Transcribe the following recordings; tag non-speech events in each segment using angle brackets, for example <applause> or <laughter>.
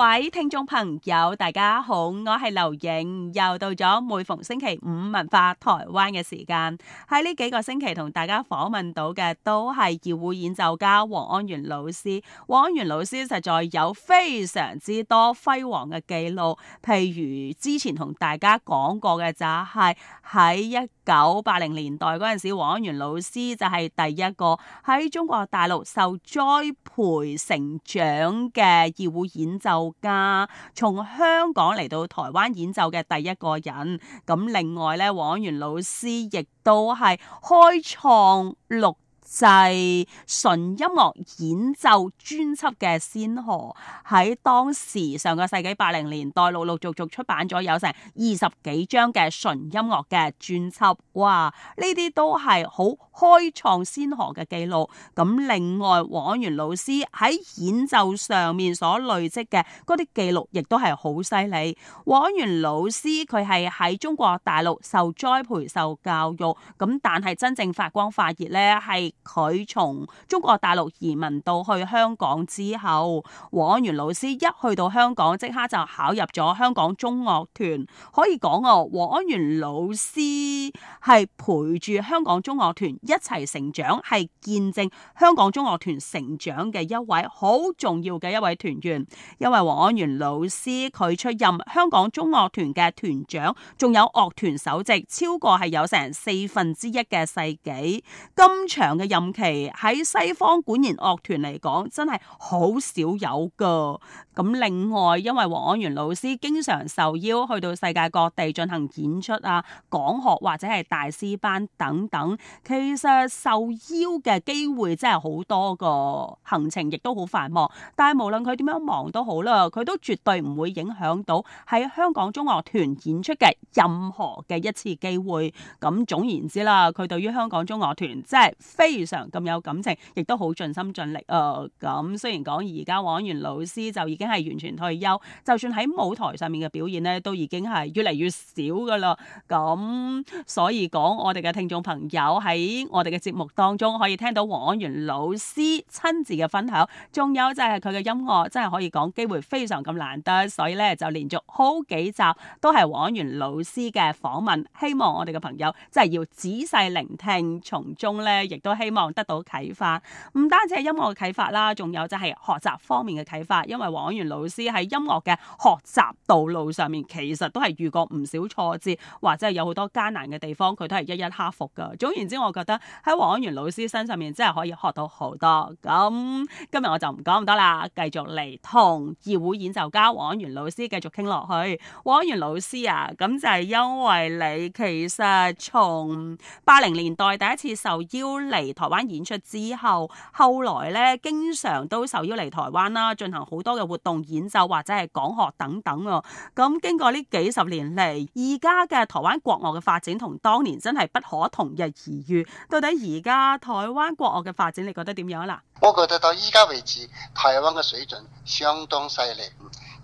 各位聽眾朋友，大家好，我係劉影，又到咗每逢星期五文化台灣嘅時間。喺呢幾個星期同大家訪問到嘅都係二胡演奏家黃安源老師。黃安源老師實在有非常之多輝煌嘅記錄，譬如之前同大家講過嘅就係喺一九八零年代嗰陣時，黃安源老師就係第一個喺中國大陸受栽培成長嘅二胡演奏家從香港嚟到台灣演奏嘅第一個人，咁另外咧，黃源老師亦都係開創六就係純音樂演奏專輯嘅先河，喺當時上個世紀八零年代，陸陸續續出版咗有成二十幾張嘅純音樂嘅專輯，哇！呢啲都係好開創先河嘅記錄。咁另外，黃安源老師喺演奏上面所累積嘅嗰啲記錄，亦都係好犀利。黃安源老師佢係喺中國大陸受栽培、受教育，咁但係真正發光發熱呢係。是佢從中國大陸移民到去香港之後，黃安源老師一去到香港，即刻就考入咗香港中樂團。可以講哦、啊，黃安源老師係陪住香港中樂團一齊成長，係見證香港中樂團成長嘅一位好重要嘅一位團員，因為黃安源老師佢出任香港中樂團嘅團長，仲有樂團首席，超過係有成四分之一嘅世紀咁長嘅。近期喺西方管弦樂團嚟講，真係好少有噶。咁另外，因為黃安源老師經常受邀去到世界各地進行演出啊、講學或者係大師班等等，其實受邀嘅機會真係好多噶，行程亦都好繁忙。但係無論佢點樣忙都好啦，佢都絕對唔會影響到喺香港中樂團演出嘅任何嘅一次機會。咁總言之啦，佢對於香港中樂團即係非。常咁有感情，亦都好盡心盡力。誒、呃，咁雖然講而家黃安源老師就已經係完全退休，就算喺舞台上面嘅表演咧，都已經係越嚟越少噶啦。咁所以講我哋嘅聽眾朋友喺我哋嘅節目當中可以聽到黃安源老師親自嘅分享，仲有就係佢嘅音樂真係可以講機會非常咁難得。所以咧，就連續好幾集都係黃安源老師嘅訪問，希望我哋嘅朋友真係要仔細聆聽，從中咧亦都希。希望得到啟發，唔單止係音樂嘅啟發啦，仲有就係學習方面嘅啟發，因為黃安源老師喺音樂嘅學習道路上面，其實都係遇過唔少挫折，或者係有好多艱難嘅地方，佢都係一一克服噶。總言之，我覺得喺黃安源老師身上面真係可以學到好多。咁、嗯、今日我就唔講咁多啦，繼續嚟同二胡演奏家黃安源老師繼續傾落去。黃安源老師啊，咁就係因為你其實從八零年代第一次受邀嚟。台灣演出之後，後來咧經常都受邀嚟台灣啦，進行好多嘅活動、演奏或者係講學等等喎。咁經過呢幾十年嚟，而家嘅台灣國樂嘅發展同當年真係不可同日而語。到底而家台灣國樂嘅發展，你覺得點樣啊？嗱，我覺得到依家為止，台灣嘅水準相當犀利。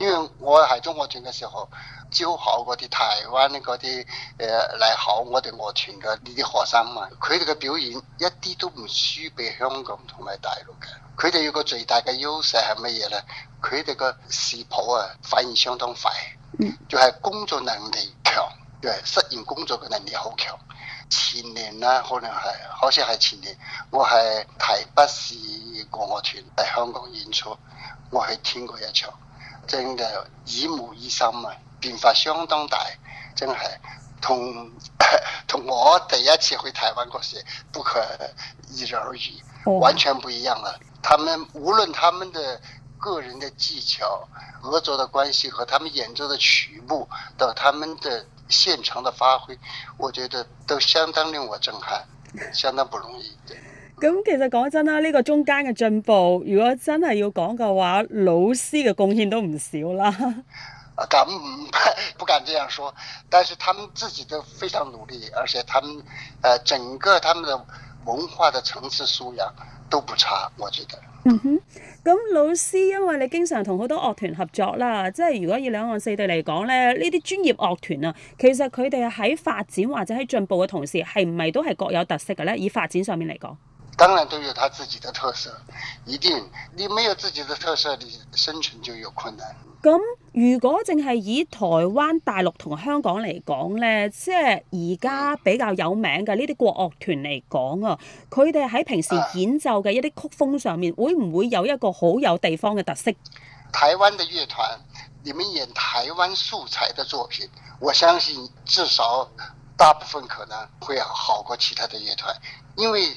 因為我係中樂團嘅時候招考嗰啲台灣嗰啲誒嚟考我哋樂團嘅呢啲學生嘛、啊，佢哋嘅表演一啲都唔輸俾香港同埋大陸嘅，佢哋有個最大嘅優勢係乜嘢咧？佢哋個視譜啊，反應相當快，嗯，就係、是、工作能力強，就係適應工作嘅能力好強。前年啦、啊，可能係，好似係前年，我係台北市國樂團喺香港演出，我去聽過一場。真的，耳目一新嘛、啊，變化相當大，真係同同我第一次回台灣嗰時，不可一人而已，完全不一樣了、啊。他們無論他們的個人的技巧、合作的關係和他們演奏的曲目，到他們的現場的發揮，我覺得都相當令我震撼，相當不容易。咁其實講真啦，呢個中間嘅進步，如果真係要講嘅話，老師嘅貢獻都唔少啦。咁不敢這樣說，但是他們自己都非常努力，而且他們誒，整個他們的文化的層次素養都不差，我覺得。嗯哼，咁老師，因為你經常同好多樂團合作啦，即係如果以兩岸四地嚟講咧，呢啲專業樂團啊，其實佢哋喺發展或者喺進步嘅同時，係唔係都係各有特色嘅咧？以發展上面嚟講。當然都有他自己的特色，一定你沒有自己的特色，你生存就有困難。咁如果淨係以台灣、大陸同香港嚟講呢，即係而家比較有名嘅呢啲國樂團嚟講啊，佢哋喺平時演奏嘅一啲曲風上面，啊、會唔會有一個好有地方嘅特色？台灣的樂團，你們演台灣素材的作品，我相信至少大部分可能會好過其他的樂團，因為。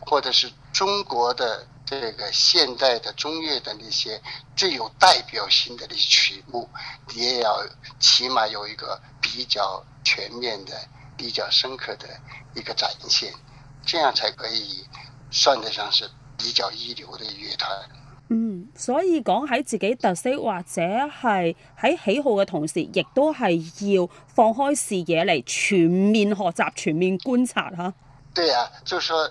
或者是中國的這個現代的中樂的那些最有代表性的那些曲目，你也要起碼有一個比較全面的、比較深刻的一個展現，這樣才可以算得上是比較一流的樂團。嗯，所以講喺自己特色或者係喺喜好嘅同時，亦都係要放開視野嚟全面學習、全面觀察吓。對啊，就說。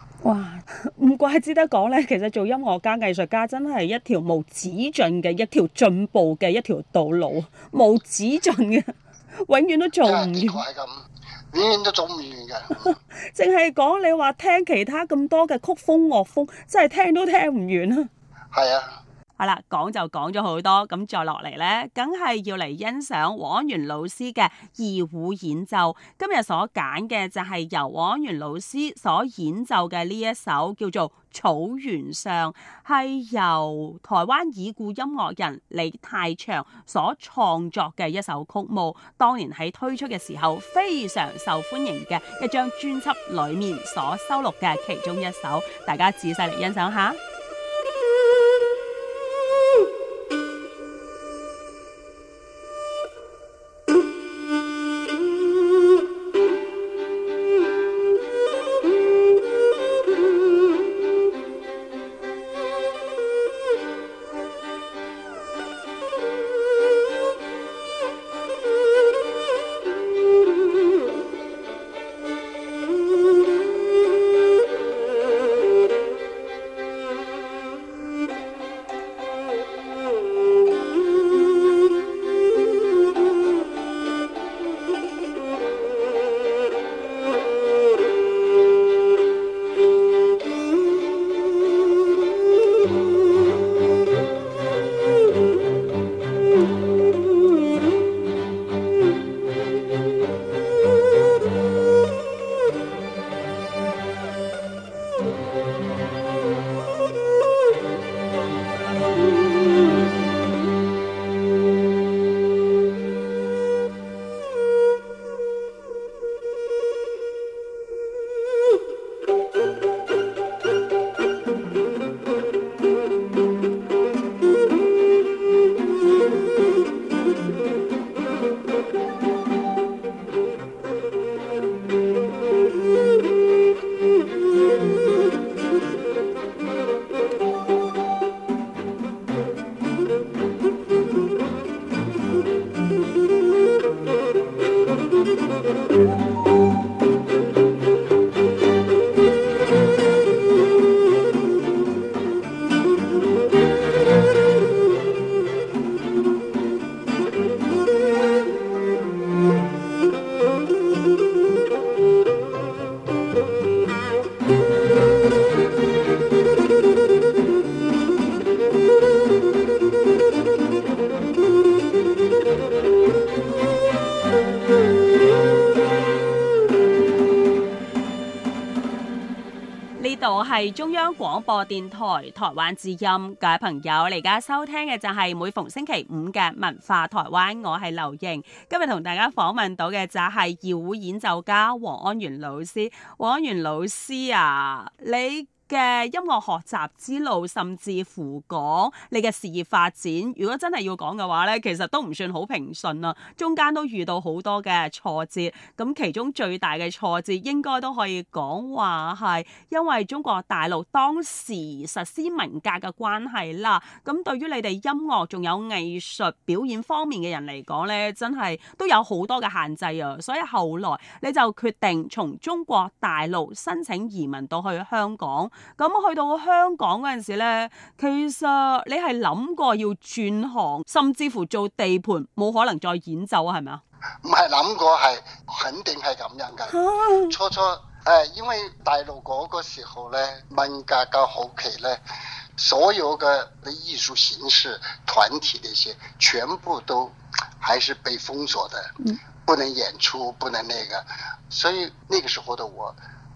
哇！唔怪之得講咧，其實做音樂家、藝術家真係一條無止盡嘅一條進步嘅一條道路，無止盡嘅，永遠都做唔完。係咁，永遠都做唔完嘅。淨係講你話聽其他咁多嘅曲風樂風，真係聽都聽唔完啦。係啊。係啦，講就講咗好多，咁再落嚟，呢，梗係要嚟欣賞黃安源老師嘅二胡演奏。今日所揀嘅就係由黃安源老師所演奏嘅呢一首叫做《草原上》，係由台灣已故音樂人李泰祥所創作嘅一首曲目。當年喺推出嘅時候非常受歡迎嘅一張專輯裏面所收錄嘅其中一首，大家仔細嚟欣賞下。係中央廣播電台台灣之音，各位朋友，你而家收聽嘅就係每逢星期五嘅文化台灣，我係劉瑩，今日同大家訪問到嘅就係二胡演奏家黃安源老師。黃安源老師啊，你嘅音樂學習之路，甚至乎講你嘅事業發展，如果真係要講嘅話呢，其實都唔算好平順啊，中間都遇到好多嘅挫折。咁其中最大嘅挫折，應該都可以講話係因為中國大陸當時實施文革嘅關係啦。咁對於你哋音樂仲有藝術表演方面嘅人嚟講呢，真係都有好多嘅限制啊。所以後來你就決定從中國大陸申請移民到去香港。咁去到香港嗰陣時咧，其實你係諗過要轉行，甚至乎做地盤，冇可能再演奏啊？係咪啊？唔係諗過係，肯定係咁樣嘅。初初誒，因為大陸嗰個時候呢，文革夠好企呢，所有嘅藝術形式、團體呢些，全部都還是被封鎖的，不能演出，不能那個，所以那個時候的我。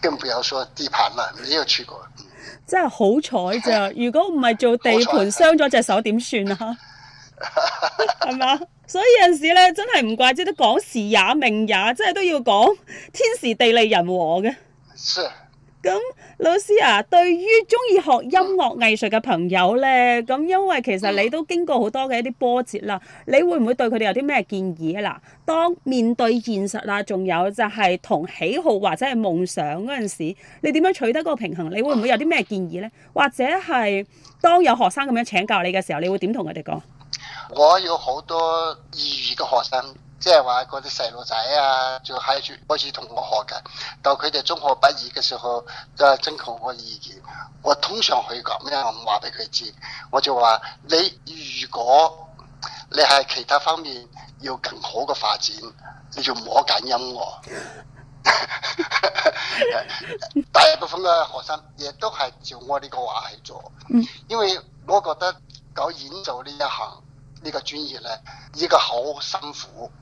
更不要說地盤啦，你有去過，真係好彩咋， <laughs> 如果唔係做地盤傷咗隻手點算啊？係嘛？ <laughs> <laughs> 所以有陣時咧，真係唔怪之得講時也命也，真係都要講天時地利人和嘅。是。咁老師啊，對於中意學音樂藝術嘅朋友咧，咁因為其實你都經過好多嘅一啲波折啦，你會唔會對佢哋有啲咩建議啊？嗱，當面對現實啦，仲有就係同喜好或者係夢想嗰陣時，你點樣取得個平衡？你會唔會有啲咩建議呢？或者係當有學生咁樣請教你嘅時候，你會點同佢哋講？我有好多異議嘅學生。即係話嗰啲細路仔啊，就喺住開始同我學嘅，到佢哋中學畢業嘅時候，就徵求我意見。我通常去講咩，我唔話俾佢知，我就話，你如果你係其他方面要更好嘅發展，你就唔好揀音樂。 <laughs> 大部分嘅學生亦都係照我呢個話去做，因為我覺得搞演奏呢一行。呢個專業呢，一個好辛苦，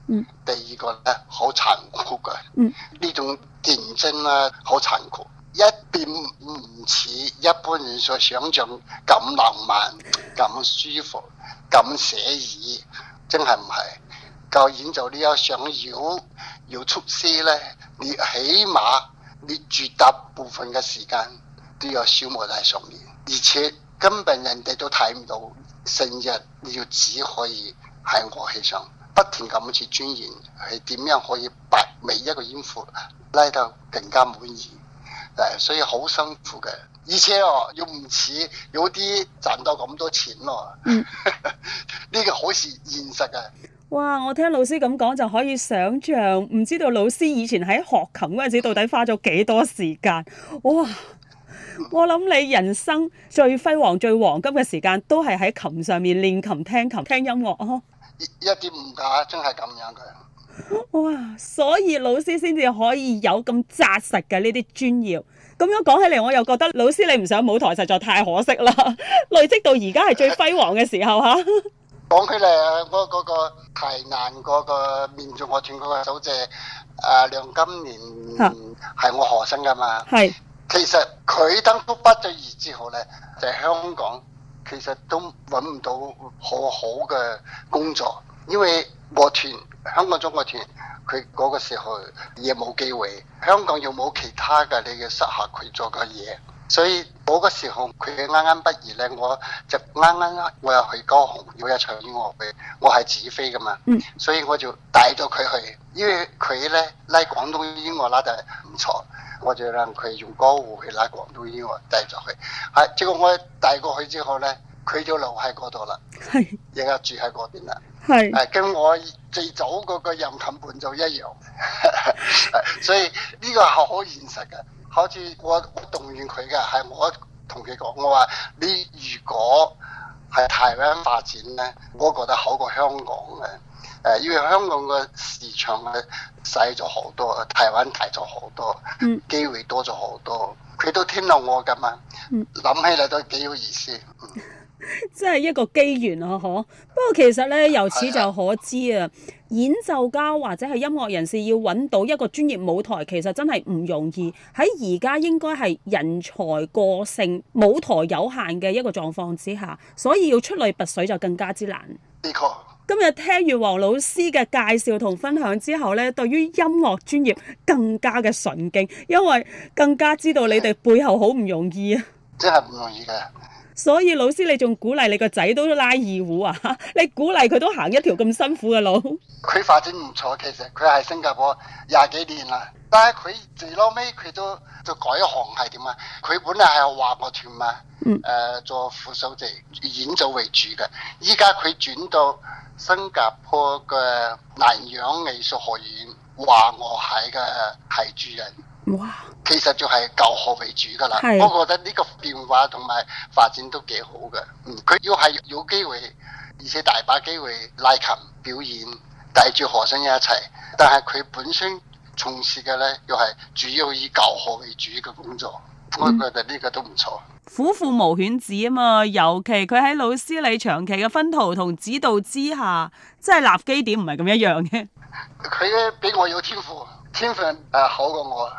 第二個呢，好殘酷嘅。種呢種競爭咧，好殘酷，一啲唔似一般人所想像咁浪漫、咁舒服、咁寫意，真係唔係？教演奏呢，這個想要要出師呢，你起碼你絕大部分嘅時間都要消磨喺上面，而且根本人哋都睇唔到。成日你要只可以喺樂器上不停咁樣去鑽研，係點樣可以把每一個音符拉到更加滿意？誒，所以好辛苦嘅，而且哦，又唔似有啲賺到咁多錢咯。嗯，呢 <laughs> 個好似現實嘅。哇！我聽老師咁講就可以想象，唔知道老師以前喺學琴嗰陣時到底花咗幾多時間？哇！我諗你人生最輝煌、最黃金嘅時間，都係喺琴上面練琴、琴、聽琴、聽音樂哦。一一點唔假，真係咁樣嘅。哇！所以老師先至可以有咁紮實嘅呢啲專業。咁樣講起嚟，我又覺得老師你唔上舞台實在太可惜啦。累積到而家係最輝煌嘅時候吓。講起嚟，嗰、那、嗰個提琴嗰個面像、呃、我轉嗰個首席，誒，梁金蓮係我學生噶嘛？係。其實佢等到畢咗業之後咧，喺、就是、香港其實都揾唔到很好好嘅工作，因為樂團香港中樂團佢嗰個時候亦冇機會，香港又冇其他嘅你要適合佢做嘅嘢。所以嗰個時候，佢啱啱畢業咧，我就啱啱我又去高雄有一場，我又場音樂會，我係指揮噶嘛。嗯。所以我就帶咗佢去，因為佢咧拉廣東音樂拉得唔錯，我就讓佢用高胡去拉廣東音樂帶咗去。係，結果我帶過去之後咧，佢就留喺嗰度啦，係，而家住喺嗰邊啦，係，誒，跟我最早嗰個任琴伴奏一樣， <laughs> 所以呢個係好現實嘅。好似我我動員佢嘅係我同佢講，我話你如果喺台灣發展咧，我覺得好過香港嘅，誒，因為香港個市場啊細咗好多，台灣大咗好多，嗯，機會多咗好多，佢都聽到我㗎嘛，嗯，諗起嚟都幾有意思，嗯。真係一個機緣啊！嗬，不過其實咧，由此就可知啊，的演奏家或者係音樂人士要揾到一個專業舞台，其實真係唔容易。喺而家應該係人才過剩、舞台有限嘅一個狀況之下，所以要出類拔萃就更加之難。的確，今日聽完黃老師嘅介紹同分享之後咧，對於音樂專業更加嘅崇敬，因為更加知道你哋背後好唔容易啊！真係唔容易嘅。所以老師你仲鼓勵你個仔都拉二胡啊？你鼓勵佢都行一條咁辛苦嘅路？佢發展唔錯，其實佢喺新加坡廿幾年啦，但係佢最嬲尾佢都就改行係點啊？佢本來係華樂團啊，誒、嗯呃、做副首席，演奏為主嘅。依家佢轉到新加坡嘅南洋藝術學院，華樂系嘅系主任。哇！其實就係教學為主噶啦，是我覺得呢個變化同埋發展都幾好嘅。嗯，佢要係有機會，而且大把機會拉琴表演，帶住學生一齊。但係佢本身從事嘅呢，又係主要以教學為主嘅工作。嗯、我覺得呢個都唔錯。虎父無犬子啊嘛，尤其佢喺老師你長期嘅薰陶同指導之下，即係立基點唔係咁一樣嘅。佢咧比我有天賦。天分誒好過我，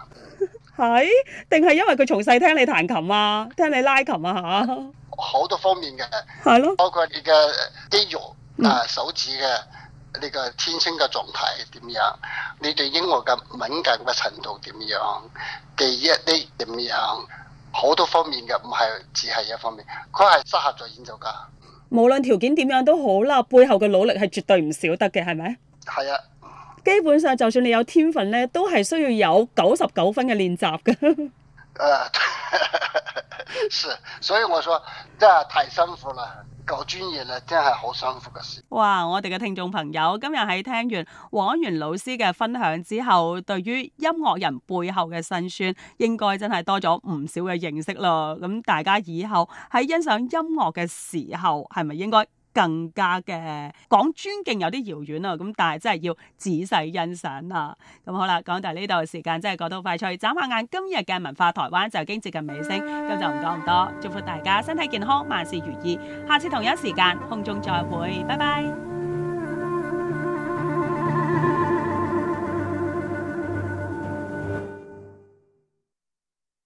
係定係因為佢從細聽你彈琴啊，聽你拉琴啊吓？好多方面嘅係咯，的包括你嘅肌肉啊、嗯、手指嘅你個天性嘅狀態係點樣，你對音樂嘅敏感嘅程度點樣，記憶啲點樣，好多方面嘅，唔係只係一方面，佢係適合做演奏家。無論條件點樣都好啦，背後嘅努力係絕對唔少得嘅，係咪？係啊。基本上，就算你有天分咧，都係需要有九十九分嘅練習嘅。誒 <laughs> ，uh, <laughs> 是，所以我說真係太辛苦啦，夠專業啦，真係好辛苦嘅事。哇！我哋嘅聽眾朋友，今日喺聽完黃安源老師嘅分享之後，對於音樂人背後嘅辛酸，應該真係多咗唔少嘅認識咯。咁大家以後喺欣賞音樂嘅時候，係咪應該？更加嘅講尊敬有啲遙遠啊，咁但係真係要仔細欣賞啊。咁好啦，講到呢度時間真係過到快脆，眨下眼今日嘅文化台灣就已經接近尾聲。咁就唔講咁多，祝福大家身體健康，萬事如意。下次同一時間空中再會，拜拜。